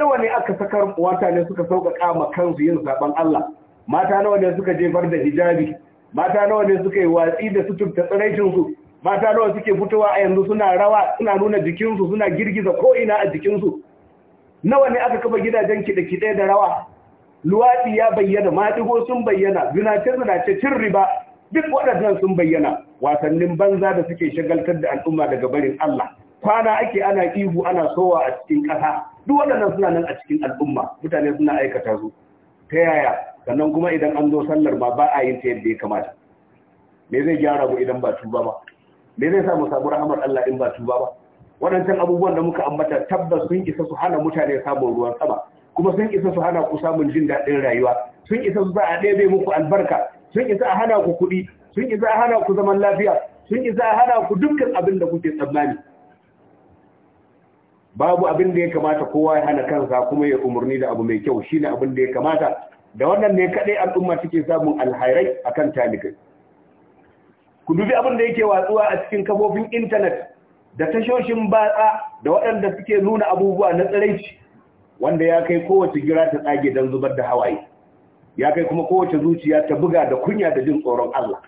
nawa ne aka sakar wata ne suka sauƙaƙa ma kansu yin saɓan Allah mata nawa ne suka jefar da hijabi mata nawa ne suka yi watsi da suturta tsiraicinsu mata nawa suke fitowa a yanzu suna rawa suna nuna jikinsu suna girgiza ko'ina a jikinsu nawa ne aka kafa gidajen kiɗe-kiɗe da rawa luwaɗi ya bayyana maɗigo sun bayyana zinace-zinace cin riba duk waɗannan sun bayyana wasannin banza da suke shagaltar da al'umma daga barin Allah kwana ake ana ihu ana sowa a cikin ƙasa duk waɗannan suna nan a cikin al'umma mutane suna aikata su ta yaya sannan kuma idan an zo sallar ma ba a yin ta yadda ya kamata me zai gyara mu idan ba tuba ba me zai sa mu samu rahamar Allah in ba tuba ba waɗancan abubuwan da muka ambata tabbas sun isa su hana mutane samun ruwan sama kuma sun isa su hana ku samun jin daɗin rayuwa sun isa su za a ɗebe muku albarka sun isa a hana ku kuɗi sun isa a hana ku zaman lafiya sun isa a hana ku dukkan abin da kuke tsammani babu abin da ya kamata kowa ya hana kansa kuma ya umarni da abu mai kyau shine abin da ya kamata da wannan ne kadai al'umma take samun alhairai akan talibai ku dubi abin da yake watsuwa a cikin kafofin intanet da tashoshin batsa da waɗanda suke nuna abubuwa na tsiraici wanda ya kai kowace gira ta tsage don zubar da hawaye ya kai kuma kowace zuciya ta buga da kunya da jin tsoron Allah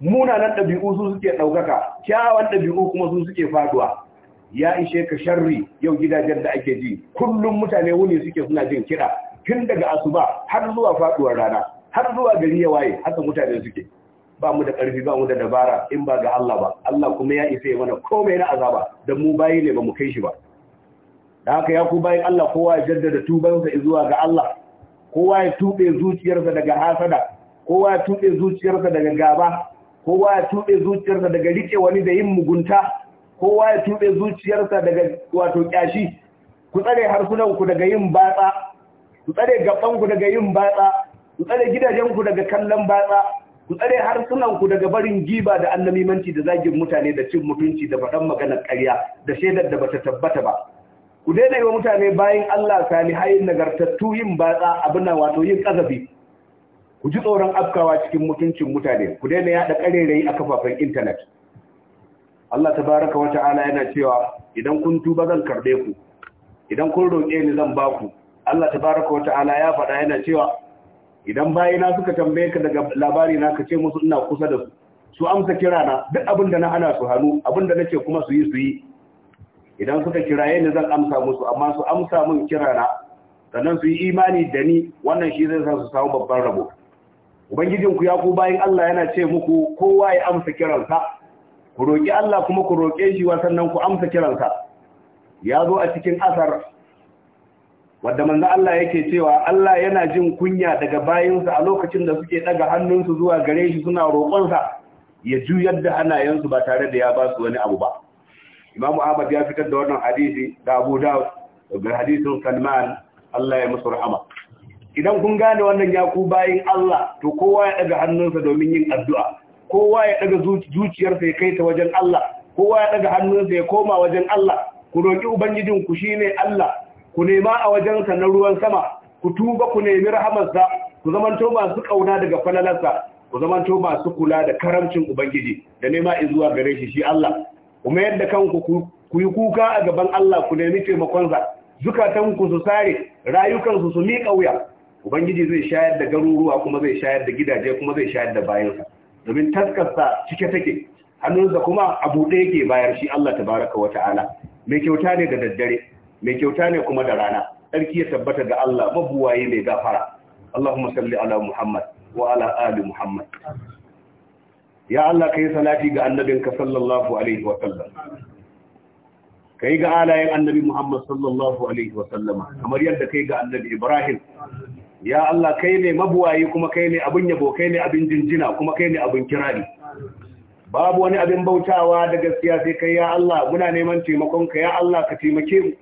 munanan ɗabi'u su suke ɗaukaka kyawawan ɗabi'u kuma su suke faduwa ya ishe ka sharri yau gidajen da ake ji kullum mutane wuni suke suna jin kira tun daga asuba har zuwa faduwar rana har zuwa gari ya waye haka mutane suke ba mu da ƙarfi ba mu da dabara in ba ga Allah ba Allah kuma ya isa mana komai na azaba dan mu bayi ne ba mu kai shi ba da haka ya ku bayi Allah kowa ya jaddada tubansa zuwa ga Allah kowa ya tube zuciyarsa daga hasada kowa ya tube zuciyarsa daga gaba kowa ya tube zuciyarsa daga rike wani da yin mugunta kowa ya tuɓe zuciyarsa daga wato ƙyashi ku tsare harsunanku daga yin batsa ku tsare gabanku daga yin batsa ku tsare gidajenku daga kallon batsa ku tsare harsunanku daga barin giba da annamimanci da zagin mutane da cin mutunci da faɗan maganar ƙarya da shaidar da bata tabbata ba ku daina yi wa mutane bayan Allah salihai nagartattu yin batsa abin nan wato yin ƙazafi ku ji tsoron afkawa cikin mutuncin mutane ku daina yaɗa ƙarerayi a kafafen intanet Allah ta baraka wata ala yana cewa idan kun tuba zan karbe ku idan kun roƙe ni zan ba ku Allah ta baraka wata ala ya faɗa yana cewa idan bayina suka tambaye ka daga labari na ka ce musu ina kusa da su su amsa kira na duk abin da na ana su hannu abin da nace kuma su yi su yi idan suka kiraye ni zan amsa musu amma su amsa min kira na sannan su yi imani da ni wannan shi zai sa su samu babban rabo ubangijinku ya ku bayan Allah yana ce muku kowa ya amsa kiransa ku roƙi Allah kuma ku roƙe shi wa sannan ku amsa kiransa ya zo a cikin asar wadda manzo Allah yake cewa Allah yana jin kunya daga bayinsa a lokacin da suke daga hannunsu zuwa gare shi suna roƙonsa ya juyar da hannayensu ba tare da ya ba su wani abu ba Imam Ahmad ya fitar da wannan hadisi da Abu Dawud da hadisin Salman Allah ya musu rahama idan kun gane wannan ya ku Allah to kowa ya daga hannunsa domin yin addu'a kowa ya daga zuciyarsa ya kai ta wajen Allah kowa ya daga hannunsa ya koma wajen Allah ku roki ubangijin ku shine Allah ku nema a wajensa na ruwan sama ku tuba ku nemi rahamarsa ku zamanto masu kauna daga falalarsa ku zamanto masu kula da karamcin ubangiji da nema zuwa gare shi shi Allah kuma yadda kanku ku yi kuka a gaban Allah ku nemi taimakonsa zukatanku su sare rayukansu su miƙa wuya ubangiji zai shayar da garuruwa kuma zai shayar da gidaje kuma zai shayar da bayansa domin taskarsa cike take hannunsa kuma a buɗe yake bayar shi Allah ta baraka wa ta'ala mai kyauta ne da daddare mai kyauta ne kuma da rana sarki ya tabbata ga Allah mabuwaye mai gafara Allahumma salli ala Muhammad wa ala ali Muhammad ya Allah kai salati ga annabinka sallallahu alaihi wa sallam kai ga alayen annabi Muhammad sallallahu alaihi wa sallama kamar yadda kai ga annabi Ibrahim ya Allah kai ne mabuwayi kuma kai ne abin yabo kai ne abin jinjina kuma kai ne abin kirari babu wani abin bautawa da gaskiya sai kai ya Allah muna neman taimakon ka ya Allah ka taimake mu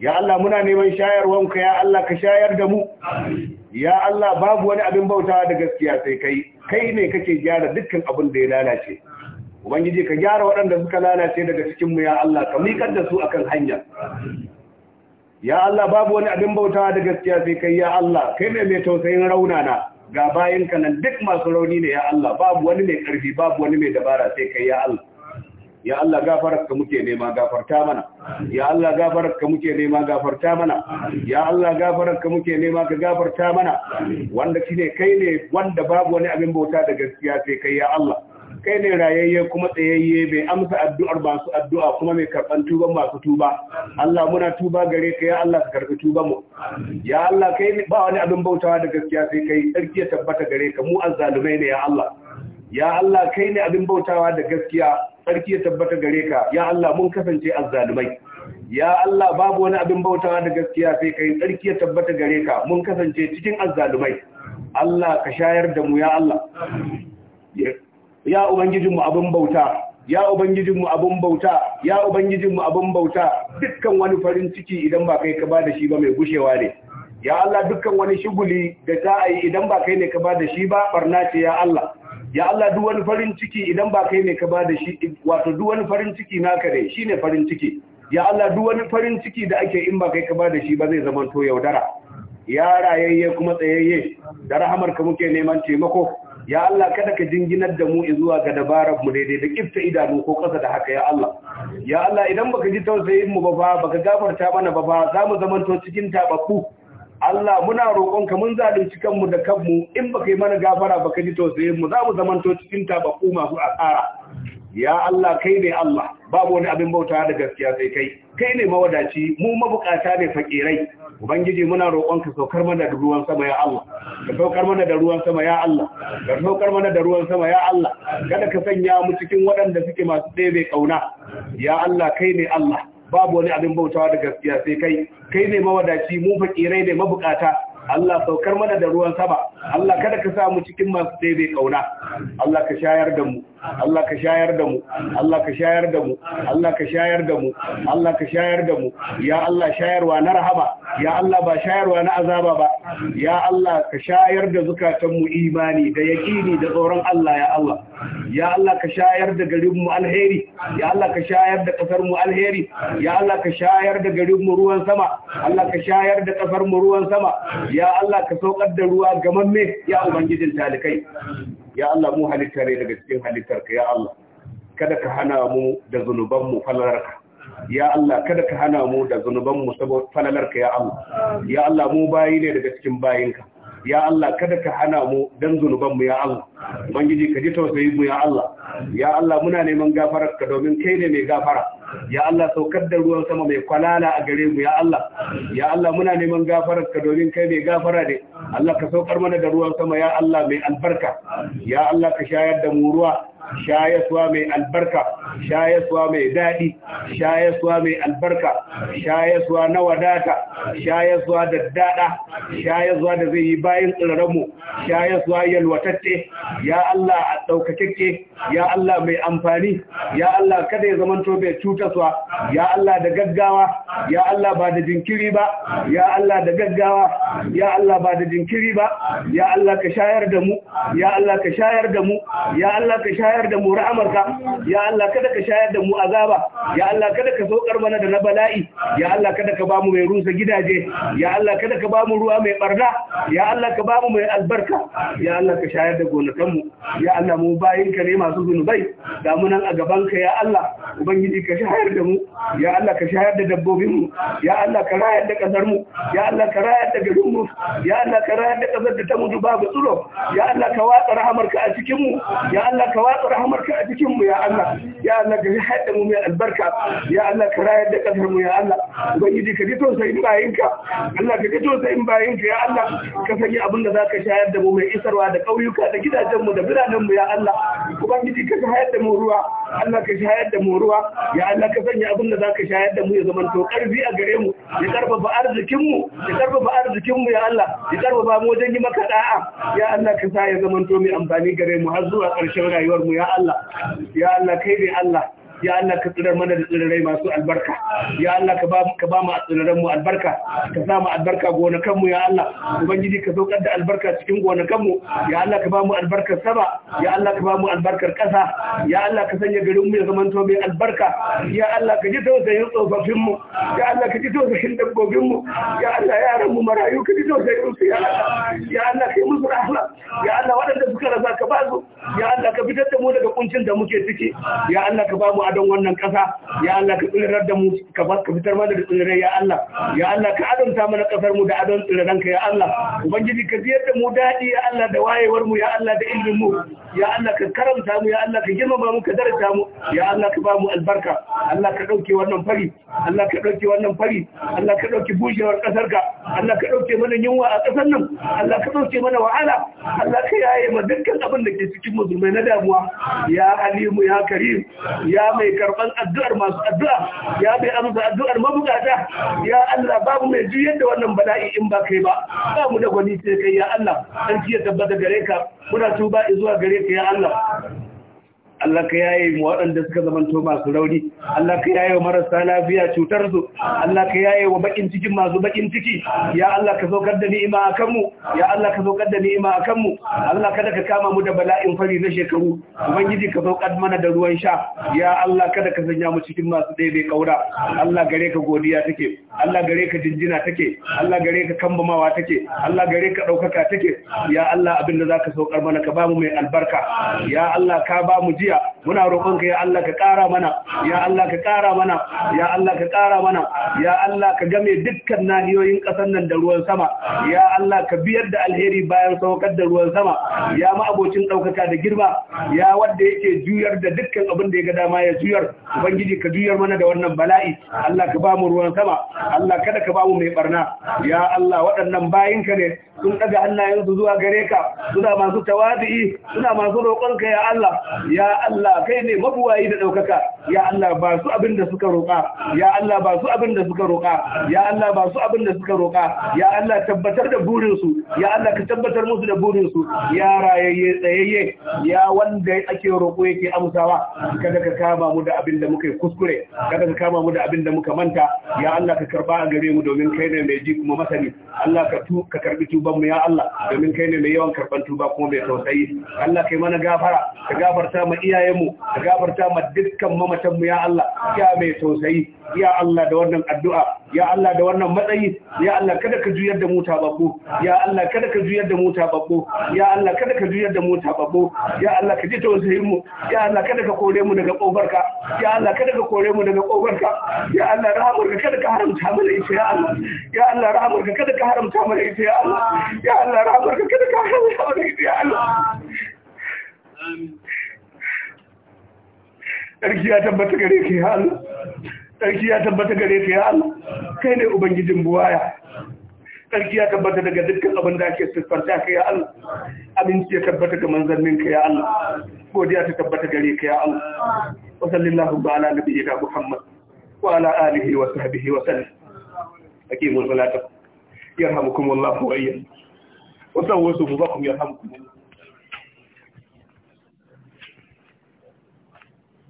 ya Allah muna neman shayarwan ka ya Allah ka shayar da mu ya Allah babu wani abin bautawa da gaskiya sai kai kai ne kake gyara dukkan abin da ya lalace ubangiji ka gyara waɗanda suka lalace daga cikin mu ya Allah ka miƙar da su akan hanya ya Allah babu wani abin bautawa da gaskiya sai kai ya Allah kai ne mai tausayin raunana ga bayinka nan duk masu rauni ne ya Allah babu wani mai karfi babu wani mai dabara sai kai ya Allah ya Allah gafararka muke nema gafarta mana ya Allah gafararka muke nema gafarta mana ya Allah gafararka muke nema ka gafarta mana wanda shine kai ne wanda babu wani abin bauta da gaskiya sai kai ya Allah kai ne rayayye kuma tsayayye mai amsa addu'ar masu addu'a kuma mai karɓan tuban masu tuba Allah muna tuba gare ka ya Allah ka karɓi tuba mu ya Allah kai ba wani abin bautawa da gaskiya sai kai sarki ya tabbata gare ka mu azzalumai ne ya Allah ya Allah kai ne abin bautawa da gaskiya sarki ya tabbata gare ka ya Allah mun kasance azzalumai ya Allah babu wani abin bautawa da gaskiya sai kai sarki ya tabbata gare ka mun kasance cikin azzalumai Allah ka shayar da mu ya Allah ya ubangijinmu abin bauta ya ubangijinmu abin bauta ya ubangijinmu abin bauta dukkan wani farin ciki idan ba kai ka ba da shi ba mai gushewa ne ya Allah dukkan wani shuguli da za a yi idan ba kai ne ka ba da shi ba barna ce ya Allah ya Allah duk wani farin ciki idan ba kai ne ka ba da shi wato duk wani farin ciki naka ne shine farin ciki ya Allah duk wani farin ciki da ake in ba kai ka ba da shi ba zai zama to yaudara ya rayayye kuma tsayayye da rahamar ka muke neman taimako ya Allah kada ka jinginar da mu zuwa ga dabarar mu daidai da kifta idanu ko kasa da haka ya Allah ya Allah idan baka ji tausayin mu ba ba baka gafarta mana ba ba za mu to cikin tababbu Allah muna roƙon ka mun zalunci kanmu da kanmu in baka yi mana gafara baka ji tausayin mu za mu zamanto cikin tababbu masu asara ya Allah kai ne Allah babu wani abin bauta da gaskiya sai kai kai ne mawadaci mu mabukata ne fakirai ubangiji muna roƙonka saukar mana da ruwan sama ya Allah ka saukar mana da ruwan sama ya Allah ka saukar mana da ruwan sama ya Allah kada ka sanya mu cikin waɗanda suke masu ɗebe ƙauna, ya Allah kai ne Allah babu wani abin bautawa da gaskiya sai kai kai ne mawadaci mu fakirai ne mabukata Allah saukar mana da ruwan sama Allah kada ka sa mu cikin masu ɗebe ƙauna, Allah ka shayar da mu Allah ka shayar da mu Allah ka shayar da mu Allah ka shayar da mu Allah ka shayar da mu ya Allah shayarwa na rahama ya Allah ba shayarwa na azaba ba ya Allah ka shayar da zukatan mu imani da yaqini da tsoron Allah ya Allah ya Allah ka shayar da garinmu alheri ya Allah ka shayar da ƙasarmu alheri ya Allah ka shayar da garin ruwan sama Allah ka shayar da ƙasarmu ruwan sama ya Allah ka saukar da ruwa gamamme ya ubangijin talikai ya Allah mu halitta ne daga cikin halittarka ya Allah kada ka hana mu da zunubanmu falalarka ya Allah kada ka hana mu da zunubanmu saboda falalarka ya Allah ya Allah mu bayi ne daga cikin bayinka ya Allah kada ka hana mu dan zunubanmu ya Allah ubangiji ka ji tausayi mu ya Allah ya Allah muna neman gafararka domin kai ne mai gafara ya Allah saukar da ruwan sama mai kwalala a gare mu ya Allah ya Allah muna neman gafarar ka domin kai mai gafara ne Allah ka saukar mana da ruwan sama ya Allah mai albarka ya Allah ka shayar da mu ruwa shayaswa mai albarka shayaswa mai daɗi shayaswa mai albarka shayaswa na wadata shayaswa da daɗa shayaswa da zai yi bayan tsirarmu shayaswa yalwatacce ya Allah a ɗaukakakke ya Allah mai amfani ya Allah kada ya zamanto bai cutaswa ya Allah da gaggawa ya Allah ba da jinkiri ba ya Allah da gaggawa ya Allah ba da jinkiri ba ya Allah ka shayar da mu ya Allah ka shayar da mu ya Allah ka shayar shayar da mu ra'amarka ya Allah kada ka shayar da mu azaba ya Allah kada ka saukar mana da na bala'i ya Allah kada ka bamu mai rusa gidaje ya Allah kada ka bamu ruwa mai barna ya Allah ka bamu mai albarka ya Allah ka shayar da gonakanmu ya Allah mu bayinka ne masu zunubai ga mu nan a ka ya Allah ubangiji ka shayar da mu ya Allah ka shayar da dabbobinmu ya Allah ka rayar da kasar mu ya Allah ka rayar da garin mu ya Allah ka rayar da kasar da ta mutu babu tsuro ya Allah ka watsa rahamarka a cikin mu ya Allah ka watsa rahamarka a cikin mu ya Allah ya Allah ka haɗa mu mai albarka ya Allah ka rayar da kasar mu ya Allah ubangiji ka ji tausayin ka, Allah ka ji tausayin bayinka ya Allah ka sanya abin da zaka shayar da mu mai isarwa da ƙauyuka da gidajen mu da biranen mu ya Allah ubangiji ka shayar da mu ruwa Allah ka shayar da mu ruwa ya Allah ka sanya abin da zaka shayar da mu ya zama to karfi a gare mu ya karfafa arzikin mu ya karfafa arzikin mu ya Allah ya karfafa mu wajen yi maka da'a ya Allah ka sa ya zama to mai amfani gare mu har zuwa ƙarshen rayuwar mu ya Allah ya Allah kai ne Allah ya Allah ka tsirar mana da tsirrai masu albarka ya Allah ka ba ka ba mu tsirran mu albarka ka sa mu albarka gonakan mu ya Allah ubangiji ka saukar da albarka cikin gonakan mu ya Allah ka ba mu albarkar saba ya Allah ka ba mu albarkar kasa ya Allah ka sanya garin mu ya to mai albarka ya Allah ka ji tausayin tsofaffin mu ya Allah ka ji tausayin dabbobin mu ya Allah yaran mu marayu ka ji tausayin su ya Allah ya Allah kai musu rahma ya Allah waɗanda suka rasa ka ba su ya Allah ka fitar da mu daga kuncin da muke ciki ya Allah ka ba mu ƙauna don wannan ƙasa ya Allah ka tsirrar da mu ka fitar mana da tsirrai ya Allah ya Allah ka adonta mana ƙasar mu da adon tsirranka ya Allah ubangiji ka ziyar da mu daɗi ya Allah da wayewar mu ya Allah da ilimin mu ya Allah ka karanta mu ya Allah ka girmama mu ka daraja mu ya Allah ka ba mu albarka Allah ka ɗauke wannan fari Allah ka ɗauke wannan fari Allah ka dauke bujewar ƙasar ka Allah ka dauke mana yunwa a ƙasar nan Allah ka ɗauke mana wahala Allah ka yaye ma dukkan abin da ke cikin musulmai na damuwa ya alimu ya karim ya mai karban addu'ar masu addu'a ya bai amsa addu'ar mabukata ya Allah babu mai juyar da wannan bala'i in ba kai ba ba mu da gwani sai kai ya Allah sarki ya tabbata gare ka muna tuba zuwa gare ka ya Allah Allah ka yaye mu waɗanda suka zamanto masu rauni Allah ka yaye wa marasa lafiya cutar su Allah ka yaye wa bakin cikin masu bakin ciki ya Allah ka saukar da ni'ima akan mu ya Allah ka saukar da ni'ima akan mu Allah kada ka kama mu da bala'in fari na shekaru ubangiji ka saukar mana da ruwan sha ya Allah kada ka sanya mu cikin masu daidai kaura Allah gare ka godiya take Allah gare ka jinjina take Allah gare ka kambamawa take Allah gare ka ɗaukaka take ya Allah abin za zaka saukar mana ka ba mu mai albarka ya Allah ka ba mu jiya tafiya muna roƙon ka ya Allah ka ƙara mana ya Allah ka ƙara mana ya Allah ka ƙara mana ya Allah ka game dukkan nahiyoyin ƙasar nan da ruwan sama ya Allah ka biyar da alheri bayan saukar da ruwan sama ya ma'abocin ɗaukaka da girma ya wanda yake juyar da dukkan abin da ya ga dama ya juyar ubangiji ka juyar mana da wannan bala'i Allah ka ba mu ruwan sama Allah kada ka ba mu mai barna ya Allah waɗannan bayinka ne sun daga hannayensu zuwa gare ka suna masu tawadi'i suna masu roƙonka ya Allah ya Allah kai ne mabuwayi da ɗaukaka ya Allah ba su abin da suka roƙa ya Allah ba su abin da suka roƙa ya Allah ba su abin da suka roƙa ya Allah tabbatar da burinsu ya Allah ka tabbatar musu da burinsu ya rayayye tsayayye ya wanda ake roƙo yake amsawa kada ka kama mu da abin da muka kuskure kada ka kama mu da abin da muka manta ya Allah ka karba a gare mu domin kai ne mai ji kuma masani Allah ka tu ka karbi tuba tuban mu ya Allah domin kai ne mai yawan karban tuba kuma mai tausayi Allah kai mana gafara ka gafarta mu iyayenmu, ka gafarta mu dukkan mamatan mu ya Allah ya mai tausayi ya Allah da wannan addu'a ya Allah da wannan matsayi ya Allah kada ka juyar da mota tababbu ya Allah kada ka juyar da mota tababbu ya Allah kada ka juyar da mota tababbu ya Allah ka ji tausayin mu ya Allah kada ka kore mu daga ka, ya Allah kada ka kore mu daga ka, ya Allah ka kada ka haramta mana ita ya Allah ya Allah ka kada ka haramta mana ita ya Allah ya Allah ka kada ka haramta mana ita ya Allah Sarki ya tabbata gare ka ya Allah. sarki ya tabbata gare ka ya Allah kai ne ubangijin buwaya sarki ya tabbata daga dukkan abin da ake siffanta ka ya Allah aminci ya tabbata ga manzannin ka ya Allah godiya ta tabbata gare ka ya Allah wa sallallahu ala nabiyyina muhammad wa ala alihi wa sahbihi wa sallam mun salata yarhamukumullahu wa iyyakum wa sawwasu bubakum yarhamukum